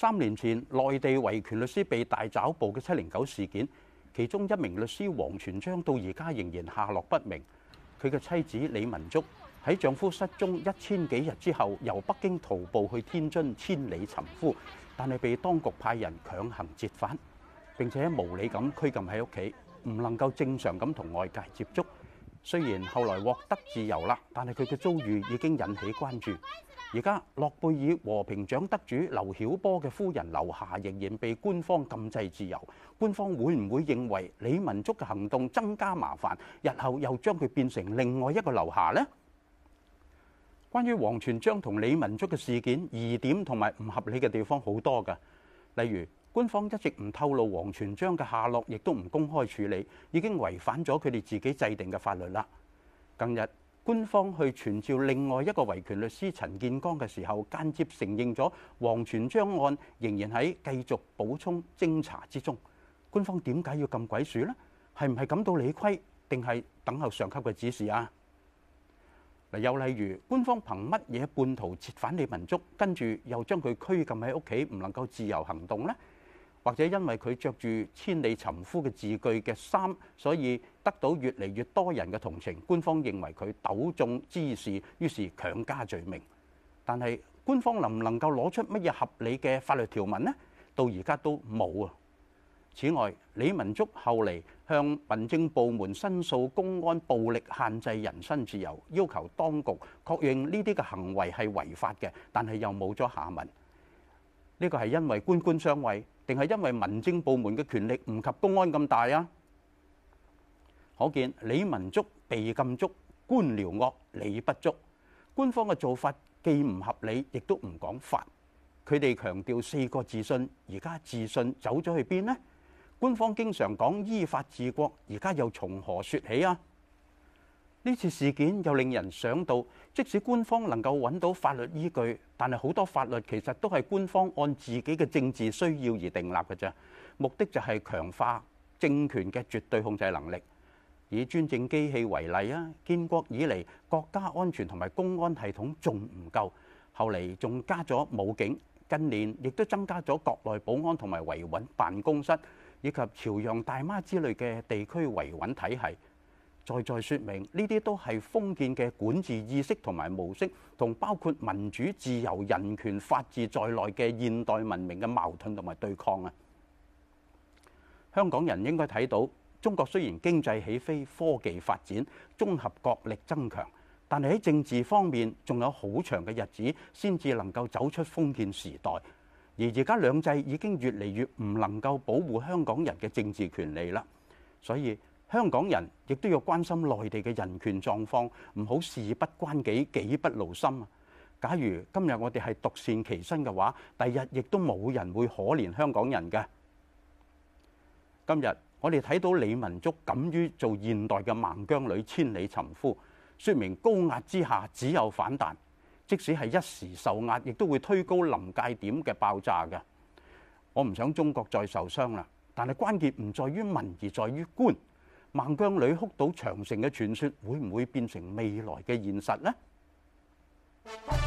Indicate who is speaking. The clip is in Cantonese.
Speaker 1: 三年前，內地維權律師被大抓捕嘅七零九事件，其中一名律師王全璋到而家仍然下落不明。佢嘅妻子李文足喺丈夫失蹤一千幾日之後，由北京徒步去天津千里尋夫，但係被當局派人強行截返，並且無理咁拘禁喺屋企，唔能夠正常咁同外界接觸。雖然後來獲得自由啦，但係佢嘅遭遇已經引起關注。而家諾貝爾和平獎得主劉曉波嘅夫人劉霞仍然被官方禁制自由，官方會唔會認為李文足嘅行動增加麻煩，日後又將佢變成另外一個劉霞呢？關於王全璋同李文足嘅事件，疑點同埋唔合理嘅地方好多㗎，例如官方一直唔透露王全璋嘅下落，亦都唔公開處理，已經違反咗佢哋自己制定嘅法律啦。近日，官方去傳召另外一個維權律師陳建剛嘅時候，間接承認咗王全璋案仍然喺繼續補充偵查之中。官方點解要咁鬼鼠咧？係唔係感到理虧，定係等候上級嘅指示啊？嗱，又例如官方憑乜嘢半途截返李文足，跟住又將佢拘禁喺屋企，唔能夠自由行動咧？或者因為佢著住千里尋夫嘅字句嘅衫，所以得到越嚟越多人嘅同情。官方認為佢糾眾滋事，於是強加罪名。但係官方能唔能夠攞出乜嘢合理嘅法律條文呢？到而家都冇啊。此外，李文足後嚟向民政部門申訴公安暴力限制人身自由，要求當局確認呢啲嘅行為係違法嘅，但係又冇咗下文。呢個係因為官官相衛。定係因為民政部門嘅權力唔及公安咁大啊！可見李文足被禁足，官僚惡理不足，官方嘅做法既唔合理，亦都唔講法。佢哋強調四個自信，而家自信走咗去邊呢？官方經常講依法治國，而家又從何説起啊？呢次事件又令人想到，即使官方能夠揾到法律依據，但係好多法律其實都係官方按自己嘅政治需要而定立嘅啫。目的就係強化政權嘅絕對控制能力。以專政機器為例啊，建國以嚟國家安全同埋公安系統仲唔夠，後嚟仲加咗武警，近年亦都增加咗國內保安同埋維穩辦公室，以及朝陽大媽之類嘅地區維穩體系。再再説明，呢啲都係封建嘅管治意識同埋模式，同包括民主、自由、人權、法治在內嘅現代文明嘅矛盾同埋對抗啊！香港人應該睇到，中國雖然經濟起飛、科技發展、綜合國力增強，但係喺政治方面仲有好長嘅日子先至能夠走出封建時代。而而家兩制已經越嚟越唔能夠保護香港人嘅政治權利啦，所以，香港人亦都要關心內地嘅人權狀況，唔好事不關己，己不勞心啊！假如今日我哋係獨善其身嘅話，第日亦都冇人會可憐香港人嘅。今日我哋睇到李文足敢於做現代嘅孟姜女千里尋夫，説明高壓之下只有反彈，即使係一時受壓，亦都會推高臨界點嘅爆炸嘅。我唔想中國再受傷啦，但係關鍵唔在於民，而在於官。孟姜女哭倒長城嘅傳說，會唔會變成未來嘅現實咧？